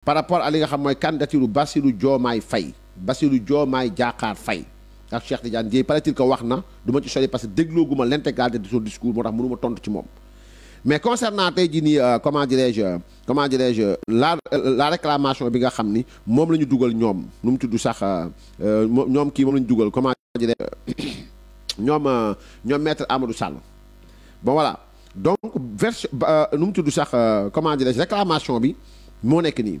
par rapport à li nga xam mooy candidature Bassirou Diomaye Faye Bassirou Diomaye Diakhar Faye ak Cheikh Tidiane Dièye paraît-il que wax na du ma ci sori parce que dégloogu ma l'intégralité de son discours moo tax mënu ma tontu ci moom mais concernant tey jii nii euh, comment dirais comment dirais-je la euh, la réclamation bi nga xam ni moom la ñu dugal ñoom nu mu tudd sax euh, ñoom kii moom la ñu dugal comment dirais-je ñoom ñoom maître Amadou Sall bon voilà donc version nu mu tudd sax comment dirais-je réclamation bi moo nekk nii.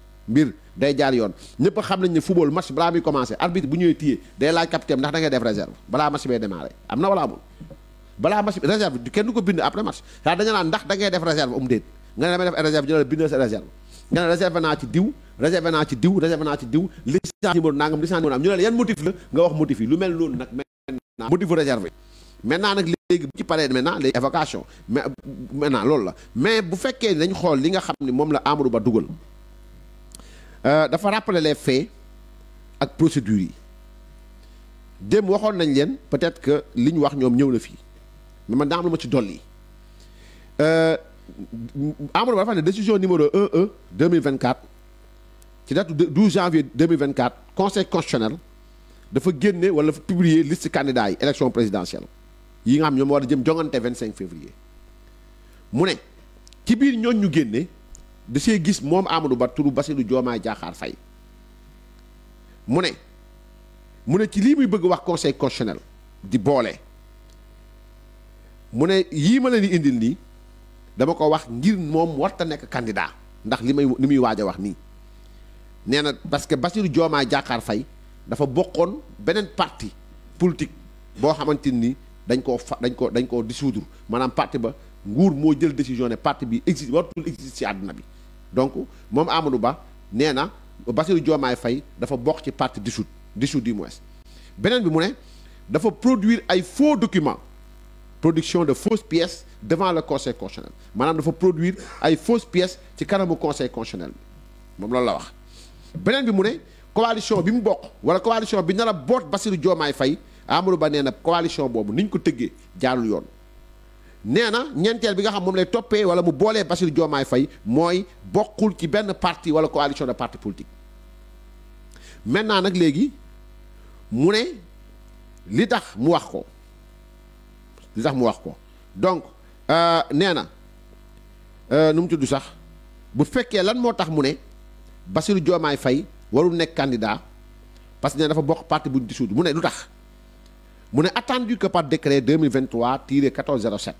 mbir day jaar yoon ñëpp a xam nañ ne football match balaa muy commencé arbitre bu ñëwee téye day laaj capitaine ndax da ngay def réserve balaa match bay démarré am na wala amul balaa match réserve kenn du ko bind après match ndax da ngay def réserve um déet nga ne damay def réserve ñu la bindal naa ci diw réserve naa ci diw réserve naa ci diw licence numéro nangam licence numéro am ñu ne la motif la nga wax motif yi lu mel noonu nag maintenant motif réserve maintenant nag léegi bu ci paree maintenant léegi évocation mais euh, maintenant loolu la mais bu fekkee dañ xool li nga xam ne moom la Amadou Ba dugal Euh, dafa rappeler les faits ak procédures yi démb waxoon nañ peut-être que liñ wax ñom ñëw na fi mais man daa lu ma ci dolli euh, décision numéro 1E 2024 ci date 12 janvier 2024 conseil constitutionnel dafa génne wala dafa publier liste candidats yi élection présidentielle yi nga am ñom wara jëm 25 février mu ne ci biir ñoo ñu génne. da sey gis mom amadou ba turu basiru joma jaxar fay mune mune ci li muy bëgg wax conseil constitutionnel di bolé mune yi ma leen di indil ni dama ko wax ngir mom warta nek candidat ndax limay may waja wax ni nee parce que basiru joomaa jaxar fay dafa bokkon benen parti politique bo xamanteni ni dañ ko dañ ko dañ ko dissoudre manam parti ba nguur mo jël décision ne parti bi existe wartul existe ci aduna bi donc mom Amadou Ba nee Bassirou Diomaye fay dafa bok ci parti dissoute dissoute du moins bi produire ay faux production de fausses pièces devant le conseil constitutionnel manam dafa produire ay fausses pièces ci kanamu conseil constitutionnel mom la wax bi coalition bi mu bok wala coalition bi la a Bassirou Ba coalition bobu niñ ko nee na ñeenteel bi nga xam moom lay toppee wala mu boolee Bassirou Diomaye fay mooy bokkul ci benn parti wala coalition de parti politique maintenant nag léegi mu ne li tax mu wax ko li tax mu wax ko donc euh, nee na euh, nu mu tudd sax bu fekkee lan moo tax mu ne Bassirou Diomaye Faye warul nekk candidat parce que nee dafa bokk parti bu ñu dissoudre mu ne lu tax mu ne attendu que par décret 2023 tiré 1407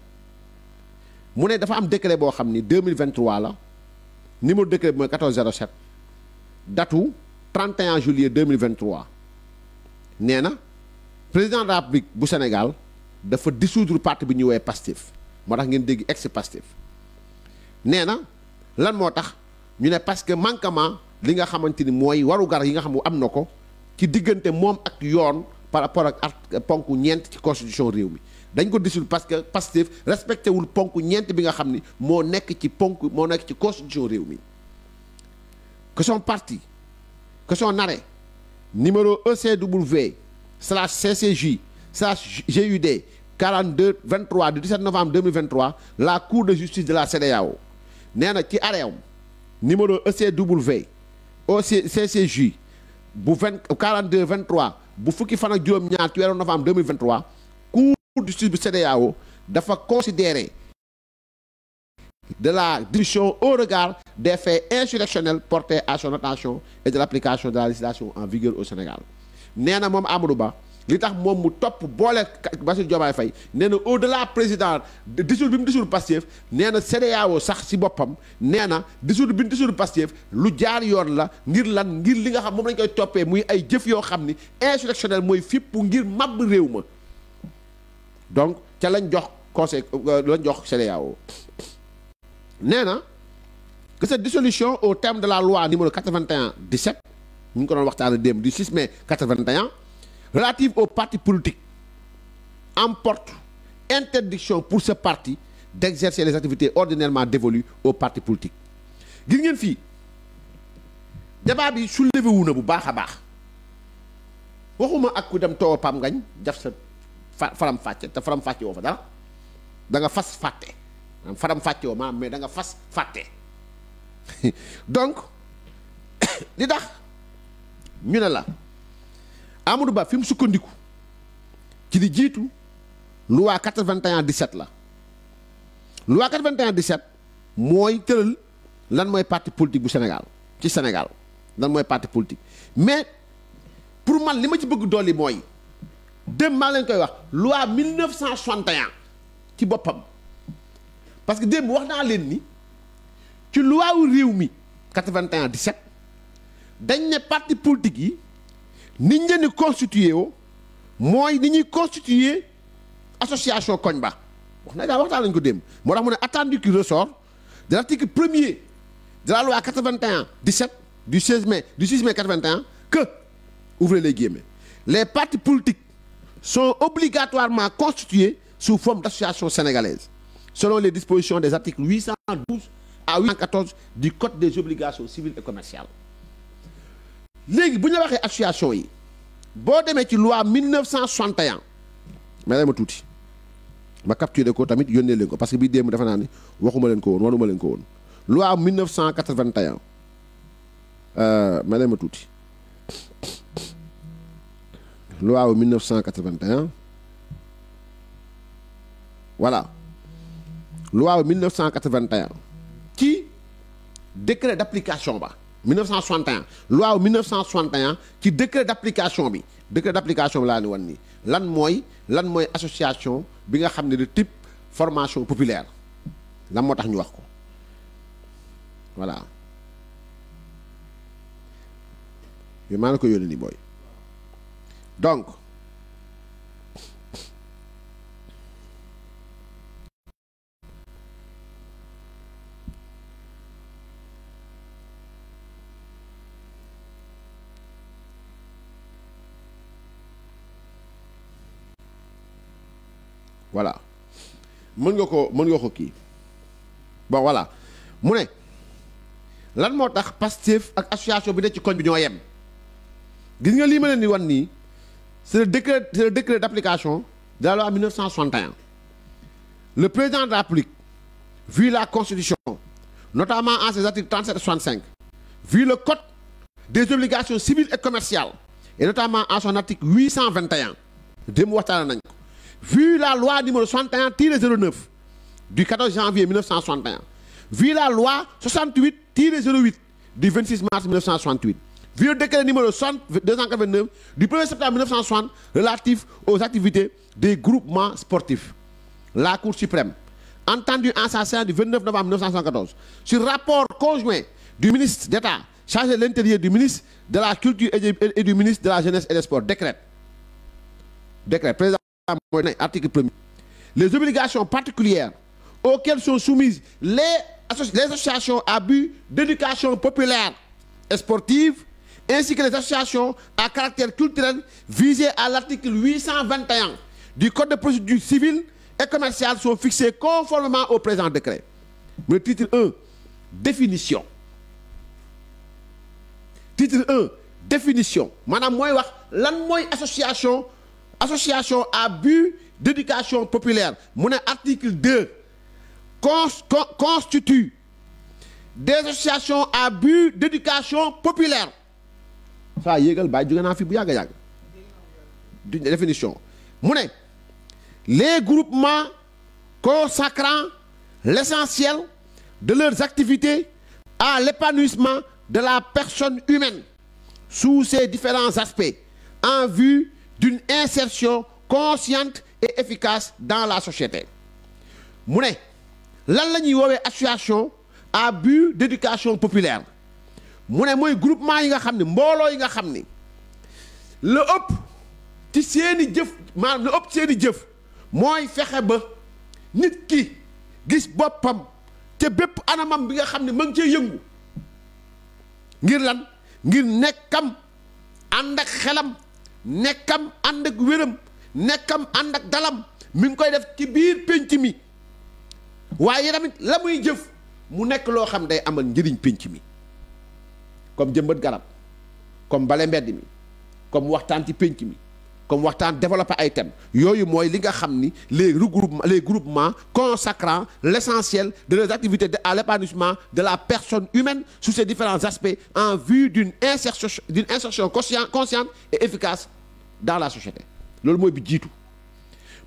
mu ne dafa am décret boo xam ni 2023 la numéro décret mooy 1407 datu 31 juillet 2023 nee président de la République bu Sénégal dafa dissoudre parti bi ñu woowee pastif moo tax ngeen dégg ex pastif nee na lan moo tax ñu ne parce que manquement li nga xamante ni mooy gar yi nga xam am na ko ci diggante moom ak yoon par rapport ak ponku ñeent ci constitution réew dañ ko disul parce que Pastef respecté wul ponku ñent bi nga xamni mo nek ci ponku mo nek ci constitution réew mi que son parti que son arrêt numéro ECW slash CCJ slash GUD 42 23 du 17 novembre 2023 la cour de justice de la CDAO ci arrêt numéro ECW CCJ 42 23 bu fukki fan ak juróom-ñaar ci novembre 2023 du sud bu CEDEAO dafa considérer de la direction au regard des faits insurrectionnels portés à son attention et de l'application de la législation en vigueur au Sénégal nee Mom moom Amadou Mom li tax moom mu boire boole Bassirou Diomaye Fay, nee au-delà président discours bi mu discours Pastef nee na CEDEAO sax si boppam nee na discours bi mu discours Pastef lu jaar yoon la ngir lan ngir li nga xam moom lañ koy toppee muy ay jëf yoo xam insurrectionnel mooy fipp ngir màbb réew ma donc lañ jox conseil euh, lañ jox CEDEAO que cette dissolution au terme de la loi numéro 81 17 ñu ko du 6 mai 81 relative aux partis politiques emporte interdiction pour ce parti d'exercer les activités ordinairement dévolues aux partis politiques gis ngeen débat bi soulevé bu waxuma ak ku dem fa faram fàcce te faram fàcce woo fa dara da fas fàtte faram fàcce woo maanaam mais da fas fàtte donc li dax ñu ne la Amadou Ba fi sukkandiku ci li jiitu loi 81 17 la lu loi 81 17 mooy tëral lan mooy parti politique bu Sénégal ci Sénégal lan mooy parti politique mais pour man li ma ci bëgg dolli mooy. de malin la loi 1961 ci pas, parce que dem wax na len ni ci loi ou rewmi 81 17 dañ ne parti politique yi niñ constitué woo mooy ni constitué association cognba ba wax na lañ ko dem tax attendu qui ressort de l'article 1er de la loi 81 17 du 16 mai du 6 mai 81 que ouvrez les guillemets les partis politiques sont obligatoirement constitués sous forme d'associations sénégalaise selon les dispositions des articles 812 à 814 du Code des obligations civiles et commerciales. les vous association loi 1961 madame lay ma vais de le code tamit parce que je vais vous dire que waxuma leen loi 1981 madame lay loi 1981 voilà loi 1981 qui décret d'application 1961 loi 1961 qui décret d'application bi décret d'application là ni lan moy lan association bi nga xamné de type formation populaire lan motax ñu wax voilà. je m'en la ko donc, voilà mën nga ko mën bon voilà mu ne lan moo tax Pastef ak association bi ne ci koñ bi ñoo yem gis nga lii ma c'est le décret d'application de la loi 1961 le président de la République vu la constitution notamment en ses articles 37 et 65 vu le code des obligations civiles et commerciales et notamment en son article 821 vu la loi numéro 61 09 du 14 janvier 1961 vu la loi 68 08 du 26 mars 1968 vieux décret numéro du 1er septembre 1960 relatif aux activités des groupements sportifs. La Cour suprême, entendue en sa du 29 novembre 1914, sur rapport conjoint du ministre d'État chargé de l'Intérieur, du ministre de la Culture et du ministre de la Jeunesse et des Sports, Décret. Décret, président article 1 Les obligations particulières auxquelles sont soumises les associations à but d'éducation populaire et sportive ainsi que les associations à caractère culturel visées à l'article 821 du Code de procédure civile et commerciale sont fixées conformément au présent décret. Le titre 1, définition. Titre 1, définition. Madame Moy association, association à but d'éducation populaire. Mon article 2 constitue des associations à but d'éducation populaire définition les groupements consacrant l'essentiel de leurs activités à l'épanouissement de la personne humaine sous ses différents aspects en vue d'une insertion consciente et efficace dans la société Muné, association à but d'éducation populaire mu ne mooy groupement yi nga xam ne mbooloo yi nga xam ni la ëpp ci seeni jëf maanaam la ëpp seeni jëf mooy fexe ba nit ki gis boppam te bépp anamam bi nga xam ne ma ngi cee yëngu ngir lan ngir nekkam ànd ak xelam nekkam ànd ak wéram nekkam ànd ak dalam mi ngi koy def ci biir pénc mi waaye tamit la muy jëf mu nekk loo xam day amal njëriñ pénc mi comme jëmbat garab comme bale comme waxtaan ci comme waxtaan développer Item. yooyu les les groupements consacrant l'essentiel de leurs activités à l'épanouissement de la personne humaine sous ses différents aspects en vue d'une insertion d'une insertion consciente et efficace dans la société loolu mooy bi jiitu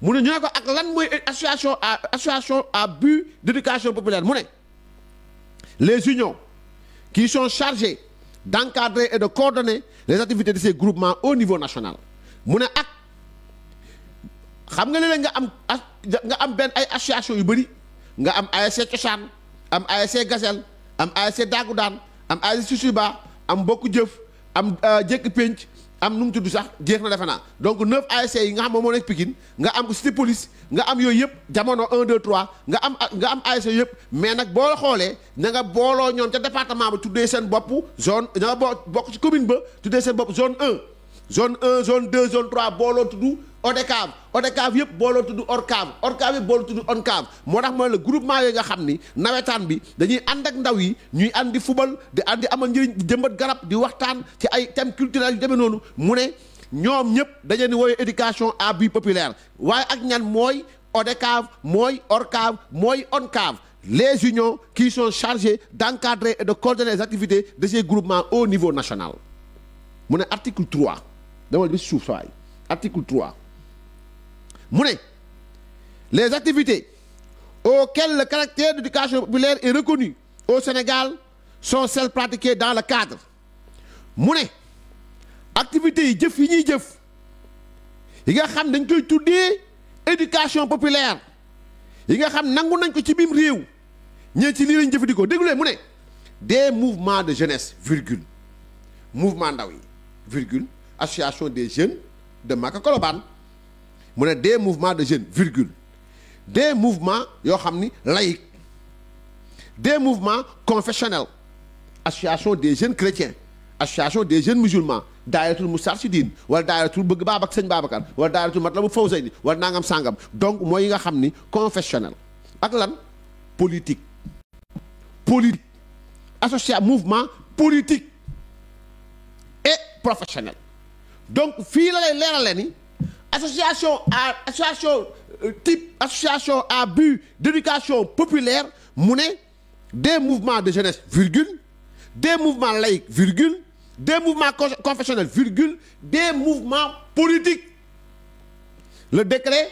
mu ñu ne ko ak lan association association à but d'éducation populaire les unions qui sont chargées d'encadrer et de coordonner les activités de ces groupement au niveau national mu ne ak ah, xam nga léeg nga am ah, nga am benn ay association yu bëri nga am ASC Cosaan am ASC Gazel am ASC Dagoudane am ASC Susuba am Bokk Jëf am euh, Jékki Pénc am nu mu tudd sax jeex na defe naa donc neuf ASC yi nga xam moom moo nekk pikin nga am cité police nga am yooyu yëpp jamono 1 2 3 nga am nga am ASC yëpp mais nag boo xoolee na nga booloo ñoom ca département ba tuddee seen bopp zone na nga bokk ci commune ba tuddee seen bopp zone 1 zone 1 zone 2 zone 3 booloo tudd ODCAV ODCAV yëpp booloo tudd or ORCAV yëpp booloo tudd ONCAV moo tax moi le groupement yooyu nga xam ni nawetaan bi dañuy ànd ak ndaw yi ñuy andi football, di andi amal jëmbat garab di waxtaan ci ay thème culturel yu demee noonu mu ne ñoom ñëpp dañu ni woowee éducation à vie populaire moi, ak cave, Moy, or cave, ORCAV on ONCAV les unions qui sont chargées d'encadrer et de coordonner les activités de ces groupements au niveau national Mon article 3 dama bis suuf article 3 mu les activités auxquelles le caractère d'éducation populaire est reconnu au Sénégal sont celles pratiquées dans le cadre mu activités yi Il yi a jëf yi nga xam dañ koy éducation populaire Il y a nangu nañ ko ci biim réew ñeen ci des mouvements de jeunesse virgule mouvement ndaw virgule association des jeunes de Maka Koloban mu des mouvements de jeunes virgule des mouvements yoo xam ni laïque des mouvements confessionnels association des jeunes chrétiens association des jeunes musulmans daayiratul Moustarchidine wala daayiratul bëgg baab ak sëñ Babacar wala daayiratul ou Fawzayni wala nangam sangam donc mooy yi nga xam ni confessionnel ak lan politique politique associé mouvement politique et professionnel donc filer la lay ni association à euh, type association à but d'éducation populaire des mouvements de jeunesse virgule des mouvements laïcs des mouvements confessionnels des mouvements politiques le décret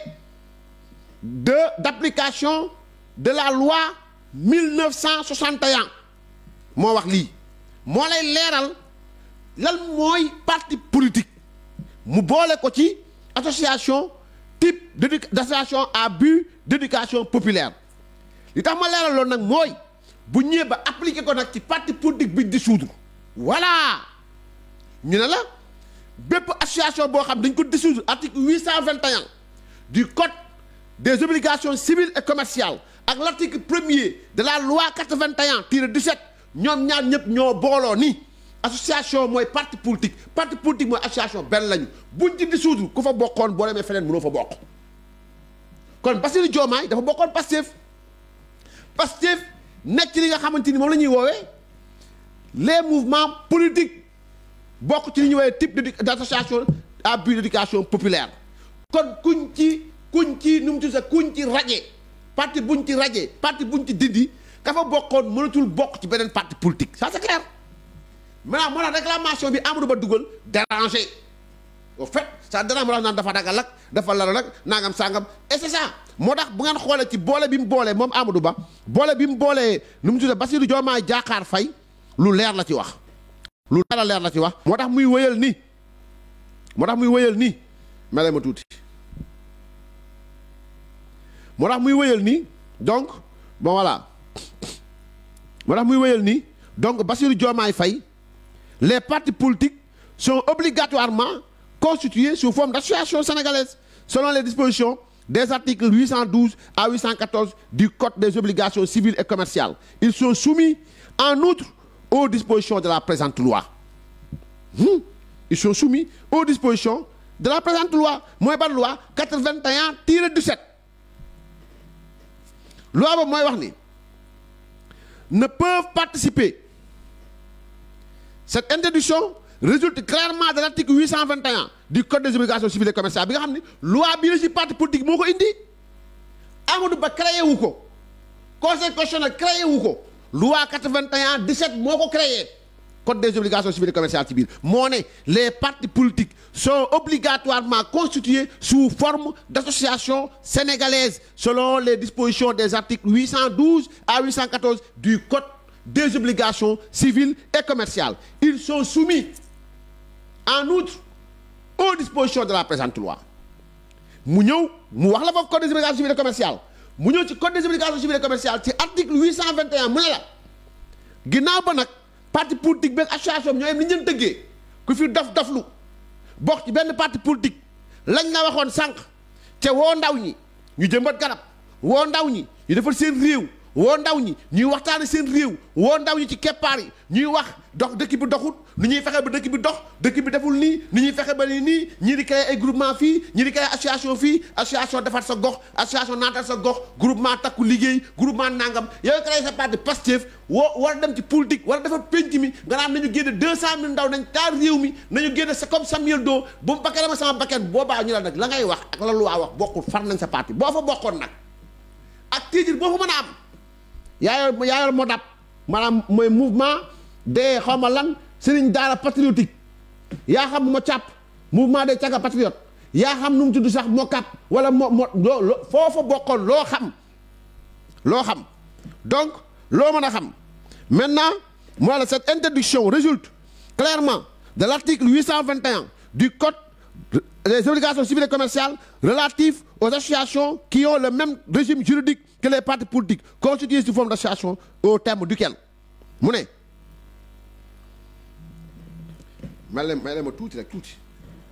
d'application de la loi 1961 moo wax lii parti politique association type d'association à but d'éducation populaire L'état tax ma moi. nag mooy bu appliqué ko parti politique dissoudre voilà Nous ne la bépp association article 821 du code des obligations civiles et commerciales avec l'article 1er de la loi 81 tiré 17 ñoom ñaar que de ni association moy parti politique parti politique moy association ben lañu buñ ci dissoudre ku fa bokkoon boo demee feneen mënoo fa bok kon Bassirou Diomaye dafa bokkoon Pastef Pastef que, ci li nga xamanteni mom lañuy wowe les mouvements politiques bok ci li ñu type d'association à but d'éducation populaire kon kuñ ci kuñ ci num mu tudd kuñ ci raje parti buñ ci raje parti buñ ci dindi ka fa bokone mënatul bok ci benen parti politique ça c'est clair maintenant moo tax réclamation bi Amadou Ba dugal dérangé au fet ça dérange moo tax naan dafa ragal ak dafa lalu nag nangam sangam et c'est ça moo tax bu ngeen xoolee ci boole bi mu boolee moom Amadou Ba boole bi mu boolee nu mu tuddee Bassirou Diomaye Diakhar Faye lu leer la ci wax lu leer leer la ci wax moo tax muy wëyal nii moo muy wëyal nii melay ma tuuti moo tax muy wëyal nii donc bon voilà muy wëyal nii donc Bassirou Diomaye Faye les partis politiques sont obligatoirement constitués sous forme d'associations sénégalaise, selon les dispositions des articles 812 à 814 du Code des obligations civiles et commerciales. Ils sont soumis, en outre, aux dispositions de la présente loi. Hmm. Ils sont soumis aux dispositions de la présente loi, loi par loi 81 17 loi moi ne peuvent participer cette interdiction résulte clairement de l'article 821 du code des obligations civiles et commerciales bi loi bi la parti politique moo indi Amadou créé wu conseil créé loi 81 17 moko créé code des obligations civiles et commerciales ci Mon les partis politiques sont obligatoirement constitués sous forme d'associations sénégalaises selon les dispositions des articles 812 à 814 du code des obligations civiles et commerciales. Ils sont soumis, en outre, aux dispositions de la présente loi. mu ñëw mu wax code des obligations civiles et commerciales mu ñëw code des obligations civiles et commerciales c'est article 821 mu ne la ginnaaw ba un parti politique qui association été ñoo yem ni ñu leen politique, ku fi daf daflu bokk ci benn parti politique lañ la waxoon sànq te woo ndaw ñi ñu jëmbat garab woo ndaw ñi ñu defal seen réew woo ndaw ñi ñuy waxtaane seen réew woo ndaw ñi ci keppaar yi ñuy wax dox dëkk bi doxut nu ñuy fexe ba dëkk bi dox dëkk bi deful nii ni ñuy fexe ba nii nii ñu di créer ay groupement fii ñu di créer association fii association defar sa gox association naatal sa gox groupement takku liggéey groupement nangam yow créer sa parti Pastef woo war a dem ci politique war a defar penc mi nga naan nañu génne deux cent mille ndaw nañ taal réew mi nañu génne sa comme Samuel Doe bu mu bakkee ma sama bakkeen boobaa ñu la nag la ngay wax ak la loi wax bokkul far nañ sa parti boo fa bokkoon nag ak tiijir boo fa mën a am yaa yor yaa yor MODAP maanaam mooy mouvement des xaw ma lan sëriñ daara patriotique yaa xam ma càpp mouvement de caga patriote yaa xam nu mu tudd sax moo kàpp wala moo moo loo foofa bokkoon loo xam loo xam donc loo mën a xam maintenant mooy la cette interdiction résulte clairement de l'article 821 du code les obligations civiles et commerciales relatives aux associations qui ont le même régime juridique que les partis politiques constituent sous forme d'association au terme duquel mu Je vais tout, tout.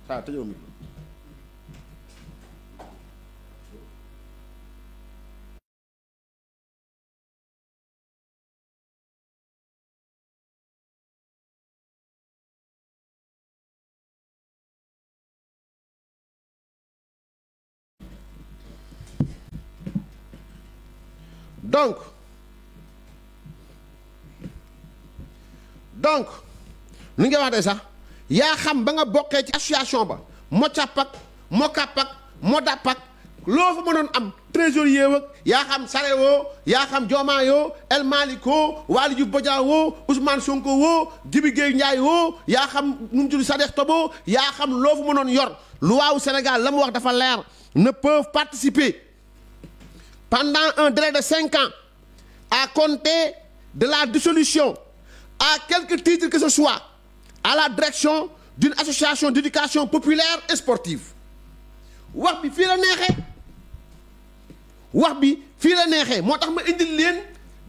ma Donc, donc ni nga waxee sax yaa xam ba nga bokkee ci association ba mocap ak mocap ak modap ak loo fa mënoon am trésorier wëg yaa xam Sare woo xam Joma yoo El Maliko, woo Waly Ousmane Sonko woo Djibi Gueye Ndiaye woo xam nu mu tudd Tobo yaa xam loo fa mënoon yor Loi waaw Sénégal la mu wax dafa leer ne peuvent participer pendant un délai de 5 ans, à compter de la dissolution, à quelque titre que ce soit, à la direction d'une association d'éducation populaire et sportive. wax bi fii la Moi, wax bi fii la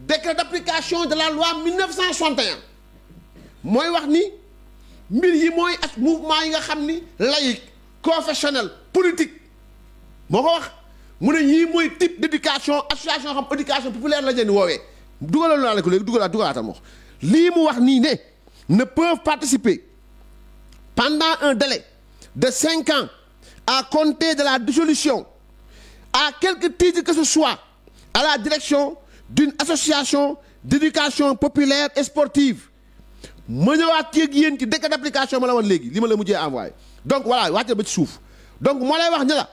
décret d'application de la loi 1961 Moi, je ni mbir mouvement yi laïque confessionnel politique mu ne yii mooy type d' éducation association xam éducation populaire lañ leen woowee dugalal naa la ko léegi dugalaat dugalaatam wax lii mu wax nii ne ne peuvent participer pendant un délai de cinq ans à compter de la dissolution à quelque titre que ce soit à la direction d'une association d'éducation populaire et sportive ma ñëwaat yeeg yéen ci décret d'application ma la woon léegi li ma la mujjee envoyé donc voilà wàccal ba ci suuf donc moo lay wax ne la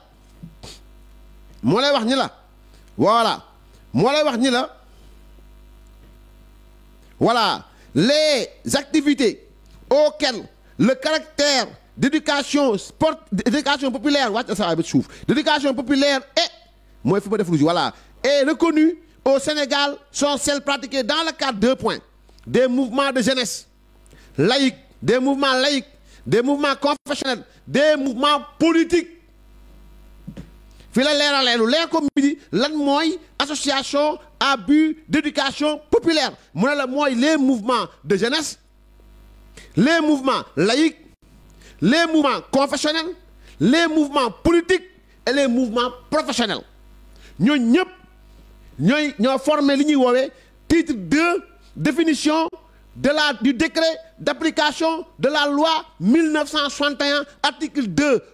voilà voilà les activités auxquelles le caractère d'éducation sport d'éducation populaire populaire et moi voilà est reconnu au Sénégal sont celles pratiquées dans le cadre de points des mouvements de jeunesse laïque des mouvements laïques des mouvements confessionnels des mouvements politiques les les association à but d'éducation populaire les mouvements de jeunesse les mouvements laïcs, les mouvements confessionnels les mouvements politiques et les mouvements professionnels Nous avons formé le titre 2 définition de la du décret d'application de la loi 1961 article 2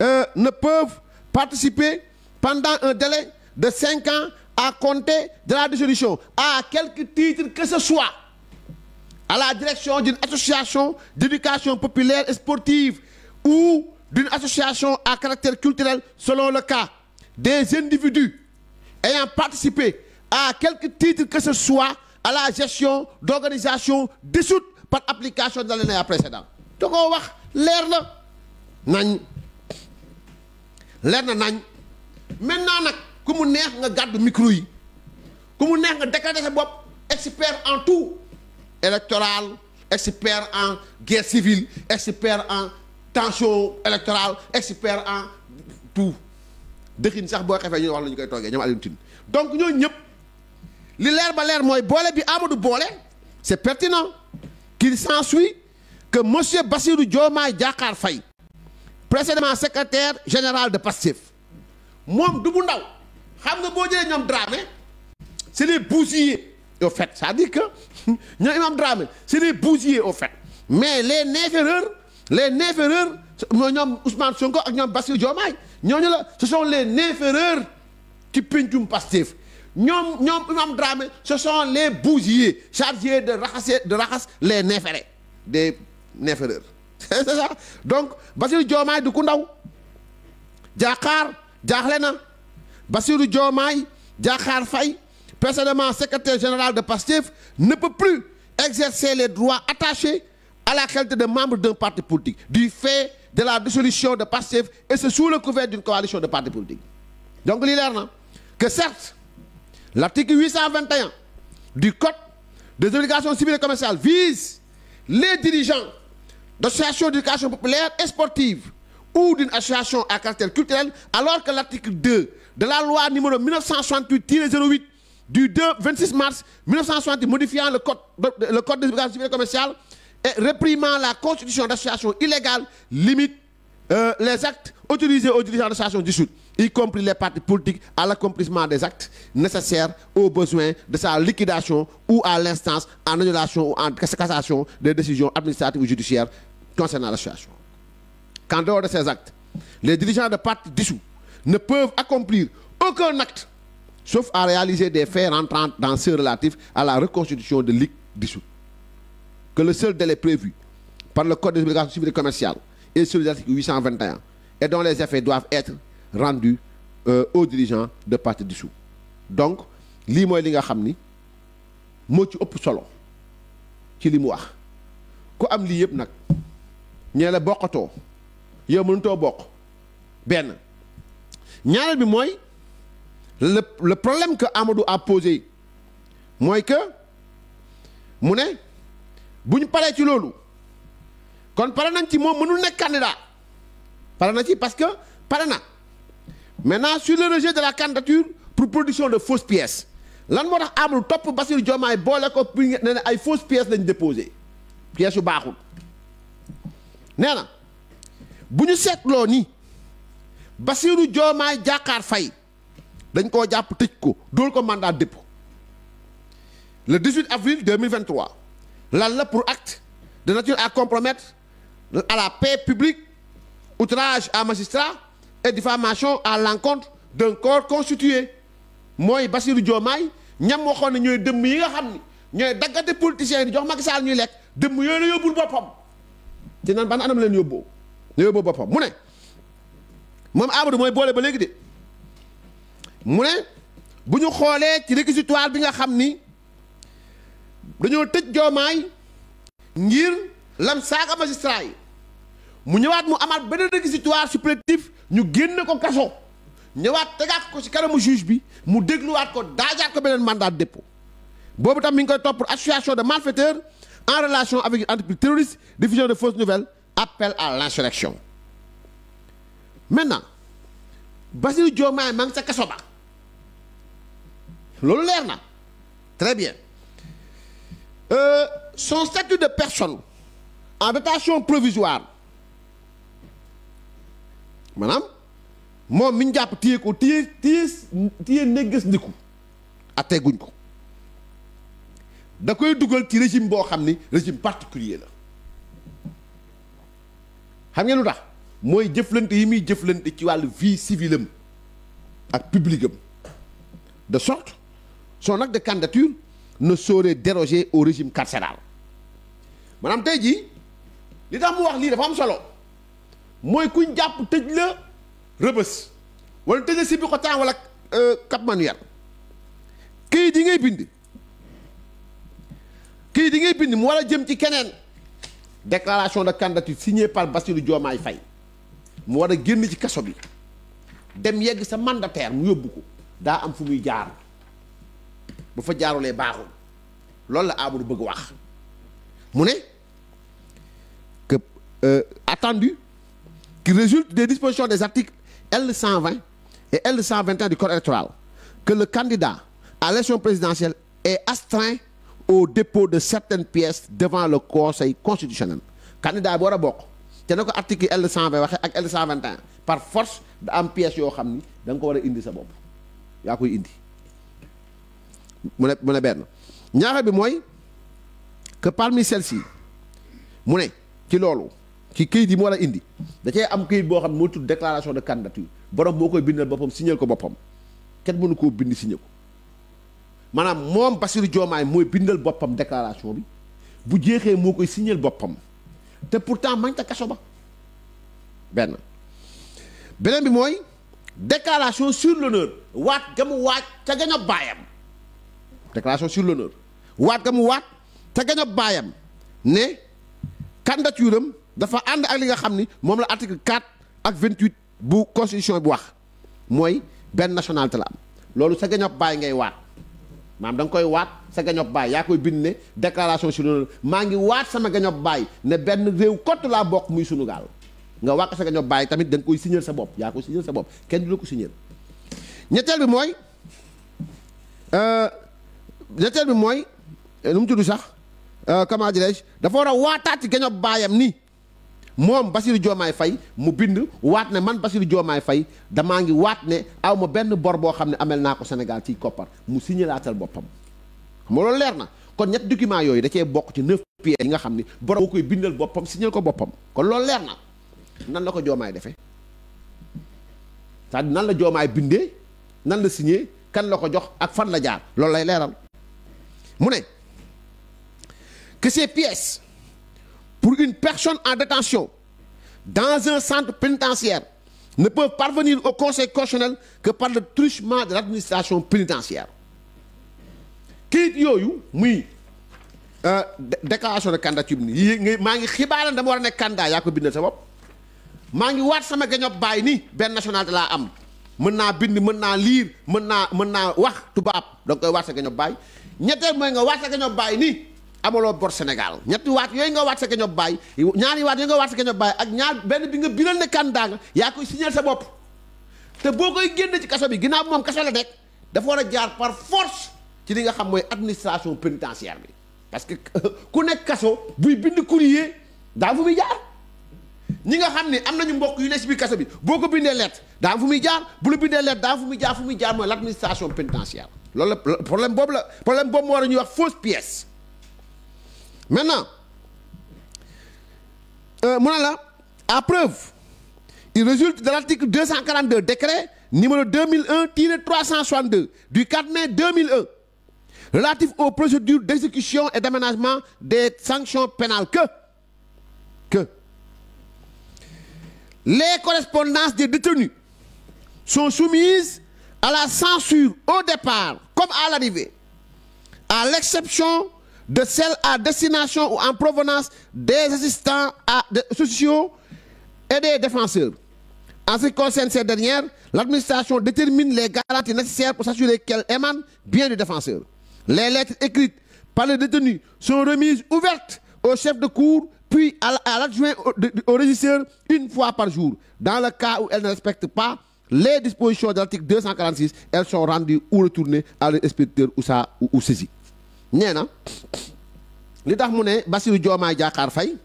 Euh, ne peuvent participer pendant un délai de 5 ans à compter de la dissolution, à quelque titre que ce soit, à la direction d'une association d'éducation populaire et sportive ou d'une association à caractère culturel selon le cas, des individus ayant participé à quelque titre que ce soit à la gestion d'organisations dissoutes par application de l'année précédente. Donc on va l'air là leer nañ maintenant nag ku mu neex nga gàddu micro yi ku mu neex nga déclaré sa bopp expert en tout électoral expert en guerre civile expert en tension électorale expert en tout dëxin sax boo xefee ñu wax la ñu koy toogee ñoom Alioune donc ñooñu ñëpp li leer ba leer mooy boole bi Amadou boole c'est pertinent qu'il s'ensuit que monsieur Bassirou Diomaye Diakhar Faye précédemment secrétaire général de Pastif. Mom du bu ndaw xam nga boo jëlee ñoom Dramé c'est les bousillés, au fait Ça dit que ñoom imam drame. c'est les bousillés, au fait mais les néféreurs les néféreurs mooy Ousmane Sonko ak ñoom ce sont les néféreurs qui qui Pastef ñoom PASSIF. imam ce sont les bousillés chargés de racheter, de raxas les néférés des néféreurs donc Basir Diomaye du Kundaou, Djakar Basir Fay, précédemment secrétaire général de Pastif, ne peut plus exercer les droits attachés à la qualité de membre d'un parti politique du fait de la dissolution de Pastif, et c'est sous le couvert d'une coalition de partis politiques donc il que certes l'article 821 du code des obligations civiles et commerciales vise les dirigeants d'association d'éducation populaire et sportive ou d'une association à caractère culturel, alors que l'article 2 de la loi numéro 1968-08 du 2, 26 mars 1960 modifiant le code, le code des obligations commerciales et réprimant la constitution d'association illégale limite euh, les actes autorisés aux dirigeants d'associations dissoutes, y compris les partis politiques, à l'accomplissement des actes nécessaires aux besoins de sa liquidation ou à l'instance en annulation ou en cassation des décisions administratives ou judiciaires concernant situation. Qu'en dehors de ces actes, les dirigeants de partis dissous ne peuvent accomplir aucun acte, sauf à réaliser des faits rentrant dans ceux relatifs à la reconstitution de l'IC dissous. Que le seul délai prévu par le Code des obligations civiles et commerciales et sur l'article 821 et dont les effets doivent être rendus euh, aux dirigeants de partis dissous. Donc, ce li ñee la bokkatoo yow mënutoo bokk benn ñaareel bi mooy le le problème que Amadou a posé mooy que mu ne bu paree ci loolu kon pare nañ ci moom mënul nekk candidat pare na ci parce que pare na maintenant sur le rejet de la candidature pour production de fausses pièces lan moo tax Amadou topp Bassirou Diomaye boole ko ne ay fausses pièces lañ déposé pièce yu baaxul. Nena, buñu setlo ni Basirou Diomaye Jakar un dañ ko japp tejj ko dóor ko mandat dépôt le 18 avril 2023 lan pour acte de nature à compromettre à la paix publique outrage à magistrat et diffamation à l'encontre d'un corps constitué Moi Basirou Diomaye ñam waxone ñoy ñooy yi nga xamni ñoy ñooy politiciens di jox Macky Sall ñuy lek dëmm yooyu la yóbbul di naan ban anam leen yóbboo la yóbboo boppam mu ne moom Amadou mooy boole ba léegi de mu ne bu ñu xoolee ci réquisitoire bi nga xam ni dañoo tëj joomaay ngir lam saaga magistrat yi mu ñëwaat mu amaat benn réquisitoire supplétif ñu génn ko kaso ñëwaat tegaat ko ci kanamu juge bi mu dégluwaat ko daajaat ko beneen mandat de dépôt boobu tam mi ngi koy topp pour association de malfaiteurs en relation avec une entreprise terroriste, diffusion de fausses nouvelles, appel à l'insurrection. Maintenant, Basile Diomaye manque sa kasoba. l'air. Très bien. Euh, son statut de personne en provisoire. Madame, moi, je suis un peu plus de da koy dugal ci régime boo hamni régime particulier là xam ngeen moi je mooy jëflante yi muy jëflante ci wàllu vie civile am ak publique am de sorte son acte de candidature ne saurait déroger au régime carcéral maanaam tey jii li tax mu wax lii dafa am solo mooy kuñ jàpp tëj la rëbës wala tëj la Sébikotane wala euh, Cap Manuel est digne ngay bind déclaration de candidature signée par ci bi dem yegg sa mandataire mu am fu muy que euh, attendu qui résulte des dispositions des articles L120 et L121 du code électoral que le candidat à l'élection présidentielle est astreint au dépôt de certaines pièces devant le conseil constitutionnel candidat a bokk article L 120 et L 121 par force d'un pièce pièces yoo xam ko indi sa Je y'a koy indi ne Je ne que parmi celles-ci ci qui qui dit a indi da cee am déclaration de candidature borom bindal ko ko maanaam moom Bassirou joomaay mooy bindal boppam déclaration bi bu jeexee moo koy signal boppam te pourtant mañ ta kaso ba benn beneen bi mooy déclaration sur l'honneur waat ga mu waat ca gañ a baayam déclaration sur l'honneur waat ga mu waat ca gañ a baayam ne candidature dafa ànd ak li nga xam ni moom la article 4 ak vingt 28 bu constitution bi wax mooy benn nationalité la loolu sa gañ a baay ngay waat maam danga koy waat sa gañob baay yaa koy bind ne déclaration si loolu maa ngi waat sama gañob baay ne benn réew kott laa bokk muy sunu gaal nga waat sa gañob baay tamit da koy signal sa bopp yaa koy signal sa bopp kenn du la ko signal ñetteel bi mooy euh, ñetteel bi mooy nu mu tudd sax euh, comment dirais-je dafa war a waataat ci gañob baayam ni moom Bassirou joomaay fay mu bind waat ne man Bassirou joomaay fay damaa ngi waat ne aw ma benn bor boo xam ne amel naa ko Sénégal ci koppar mu laatal boppam moo nga loolu leer na kon ñett document yooyu da cee bokk ci neuf pièces yi nga xam ni borom boo koy bindal boppam signal ko boppam kon loolu leer na nan la ko Diomaye defee cest nan la joomaay bindee nan la signé kan la ko jox ak fan la jaar loolu lay leeral mu ne que ces pour une personne en détention dans un centre pénitentiaire ne peuvent parvenir au conseil constitutionnel que par le truchement de l'administration pénitentiaire. dit yooyu muy euh, déclaration de candidature bi maa ngi xibaar dama war a été candidat yaa ko bindal sa bopp maa a waat sama gañob bàyyi ni benn nationalité de am mën naa bind mën lire liir mën naa mën naa wax tubaab da nga koy waat sa gañob bàyyi ñetteel mooy nga waat sa ni amolo bor senegal ñetti wat yoy nga wat sa keñob bay ñaari wat nga wat sa keñob bay ak ñaar benn bi nga bilal ne candidat nga yaa koy signal sa bop te bokoy genn ci kasso bi ginnaaw mom kasso la nek da fa a jaar par force ci li nga xam moy administration pénitentiaire bi parce que ku nek kaso buy bind courrier da fu mi jaar ñi nga xam ni am nañu mbokk yu ne bi kasso bi boko bindé lettre da fu mi jaar bu lu bindé lettre da fu mi jaar fu mi jaar moy l'administration pénitentiaire loolu problème bob la problème bob mo wara a wax fausse pièce Maintenant, euh, à preuve, il résulte de l'article 242, décret numéro 2001-362 du 4 mai 2001, relatif aux procédures d'exécution et d'aménagement des sanctions pénales que, que les correspondances des détenus sont soumises à la censure au départ comme à l'arrivée, à l'exception de celles à destination ou en provenance des assistants à, sociaux et des défenseurs. En ce qui concerne ces dernières, l'administration détermine les garanties nécessaires pour s'assurer qu'elles émanent bien des défenseurs. Les lettres écrites par les détenus sont remises ouvertes au chef de cour puis à, l'adjoint au, régisseur une fois par jour. Dans le cas où elles ne respectent pas les dispositions de l'article 246, elles sont rendues ou retournées à l'inspecteur ou, ou nee na li tax mu ne Bassirou Diomaye Diakhar fay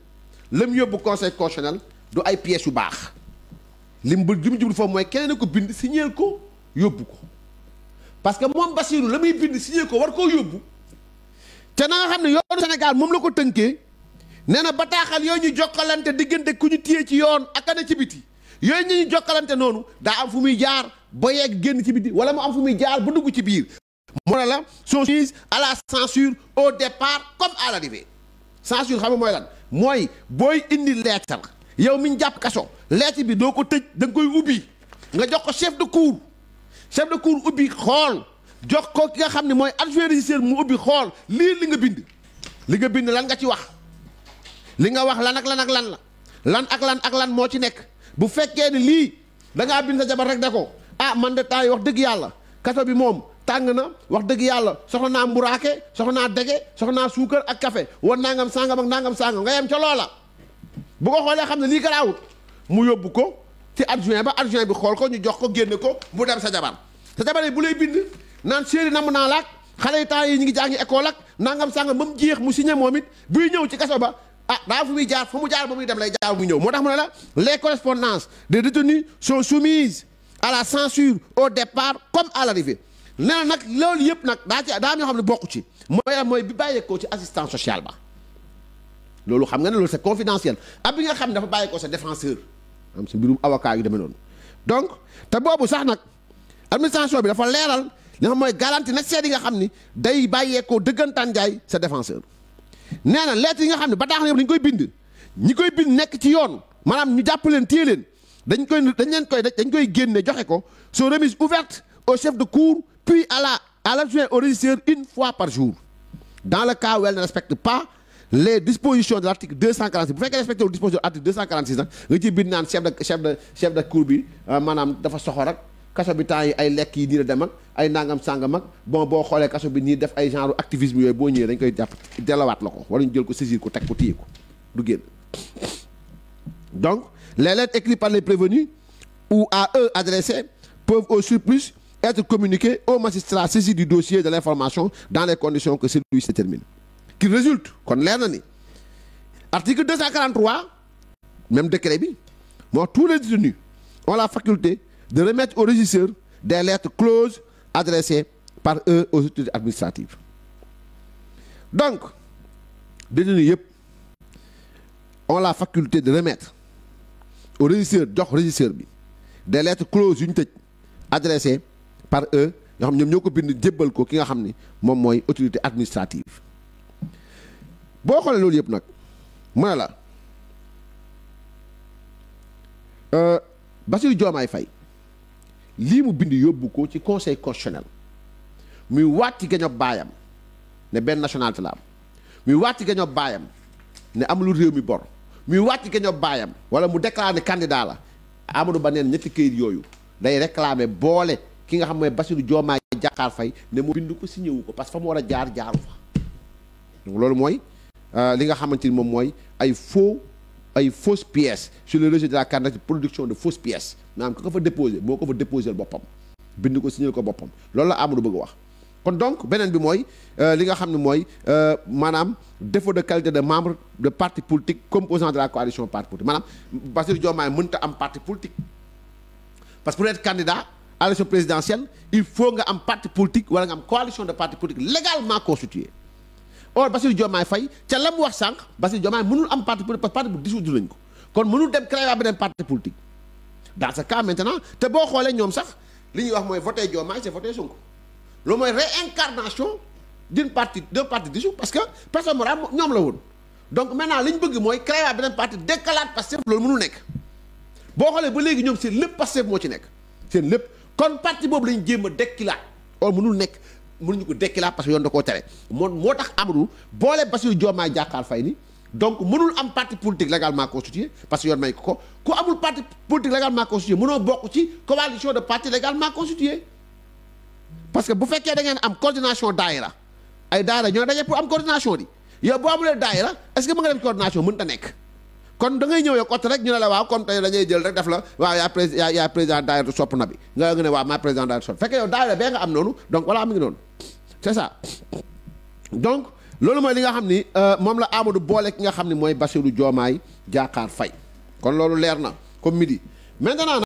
lëm yóbbu conseil constitutionnel du ay pièces yu baax lim bu li mu jublu foofu mooy keneen a ko bind signeel ko yóbbu ko parce moom Bassirou la muy bind signeel ko war koo yóbbu te na nga xam ne yoonu Sénégal moom la ko tënkee nee na bataaxal yooyu ñu jokkalante diggante ku ñu téye ci yoon ak ana ci biti yooyu ñu jokkalante noonu daa am fu muy jaar ba yegg génn ci biti wala mu am fu muy jaar ba dugg ci biir voilà à la censure au départ comme à l'arrivée censure xam moy lan boy indi yow bi ko de koy nga jox chef de cour chef de cour ubi xool jox ko ki nga ne mu li nga li nga bind lan li nga wax lan ak lan ak lan la lan ak lan ak lan ci chef bu que da ah man de wax tàng na wax dëgg yàlla soxla naa mburaake soxla naa dege soxla naa suukar ak kafe wan nangam sangam ak nangam sangam nga yem ca loola bu ko xoolee xam ne lii garaawut mu yóbbu ko ci adjoint ba adjoint bi xool ko ñu jox ko génne ko mu dem sa jabar sa jabar yi bu lay bind naan séeri namm naa laak xale yi temps yi ñu ngi jàngi école ak nangam sangam ba mu jeex mu signé moom it buy ñëw ci kaso ba ah daa fu muy jaar fu mu jaar ba muy dem lay jaar bu ñëw moo tax mu la les correspondances des détenus sont soumises à la censure au départ comme à l'arrivée nee nak lool yëpp nak da ci bokku ci bi ci assistance sociale ba loolu xam nga ne c'est confidentiel ak bi nga xam sa défenseur am avocat donc te boobu sax nag administration bi dafa leeral li nga garantie défenseur nee lettre yi nga xam ne ba tax koy bind ñi koy bind ci yoon ñu leen leen dañ koy ouverte au chef de cour puis à la, à l'adjoint au régisseur une fois par jour. Dans le cas où elle ne respecte pas les dispositions de l'article 246 bu fekkee respecter wu disposition de l'article 246 nag nga ci chef de chef de chef de cour bi euh, maanaam dafa soxor ak kaso bi temps yi ay lekk yi nii dem ay nangam sangamak, ak bon boo xoolee kaso bi nii def ay genre activisme yooyu boo ñëwee dañ koy jàpp delawaat la ko wala ñu jël ko saisir ko teg ko téye du génn donc les lettres écrites par les prévenus ou à eux adressées peuvent au surplus être communiqué au magistrat saisi du dossier de l'information dans les conditions que celui-ci se termine. Qui résulte, qu'on donné Article 243, même décret, moi, tous les détenus ont la faculté de remettre au régisseur des lettres closes adressées par eux aux autorités administratives. Donc, détenus ont la faculté de remettre au régisseur, donc régisseur, des lettres closes adressées par eux ñoo xam ñoom ñoo ko bind jébbal ko ki nga xam ni moom mooy autorité administrative boo xoolee loolu yëpp nag ma la euh, Bassirou Diomaye fay lii mu bind yóbbu ko ci conseil constitutionnel muy waat ci gaño baayam ne benn nationalité la am muy waat ci gaño baayam ne amul réew mi bor muy waat ci gaño baayam wala mu déclaré candidat la Amadou Ba neen ñetti këyit yooyu day réclamer boole ki nga xam mooy Bassirou Diomaye Diakhar Faye ne moo bind ko signé wu ko parce que fa mu war a jaar jaaru fa donc loolu mooy euh, li nga xamante ni moom mooy ay faux ay fausses pièces su le rejet de la carte de production de fausses pièces maanaam ku ko fa déposé moo ko fa déposé boppam bind ko si signé ko boppam loolu la Amadou bëgg wax kon donc beneen bi mooy euh, li nga xam ne mooy euh, maanaam défaut de qualité de membre de parti politique composant de la coalition parti politique maanaam Bassirou Diomaye mënta am parti politique à l'élection présidentielle il faut nga am parti politique wala nga am coalition de partis politiques légalement constituée or Bassirou Diomaye Faye c'est la mu wax sànq Bassirou Diomaye mënul am parti politique parce que parti politique. dissoudre nañ ko kon mënul dem créer waa parti politique dans ce cas maintenant te boo xoolee ñoom sax li ñuy wax c'est voter Diomaye c'est voter Sonko L'homme est réincarnation d'une partie d'un parti dissous parce que personne ne ñoom la woon donc maintenant li ñu bëgg mooy créer parti décalé, parce décalage Pastef loolu mënul nekk boo xoolee ba léegi ñoom seen lépp Pastef moo ci nekk seen lépp kon parti boobu lañ jéem a dekkilaat oo mënul nekk mënuñu ko dekkilaat parce que yoon da koo tere moom moo tax Amadou boole Bassirou Diomaye Diakhar Faye ni donc mënul am parti politique légalement constitué parce que yoon may ko ko ku amul parti politique légalement constitué mënoo bokk ci coalition de parti légalement constitué parce que bu fekkee da ngeen am coordination daayira ay daayira ñoo daje pour am coordination di yow boo amulee daayira est-ce que mën nga nekk kon da ñëw yow oto rek ñu la waaw comme tey dañuy jël rek def la waaw yaa prés yaa yaa président daayira sopp na bi nga ne waaw maa président daayira sopp fekkee yow daayira bee nga am noonu donc voilà mu ngi noonu c'est ça donc loolu mooy li nga xam ni euh, moom la Amadou boole ki nga xam ni mooy Bassirou joomaay Diakhar fay kon loolu leer na comme midi maintenant.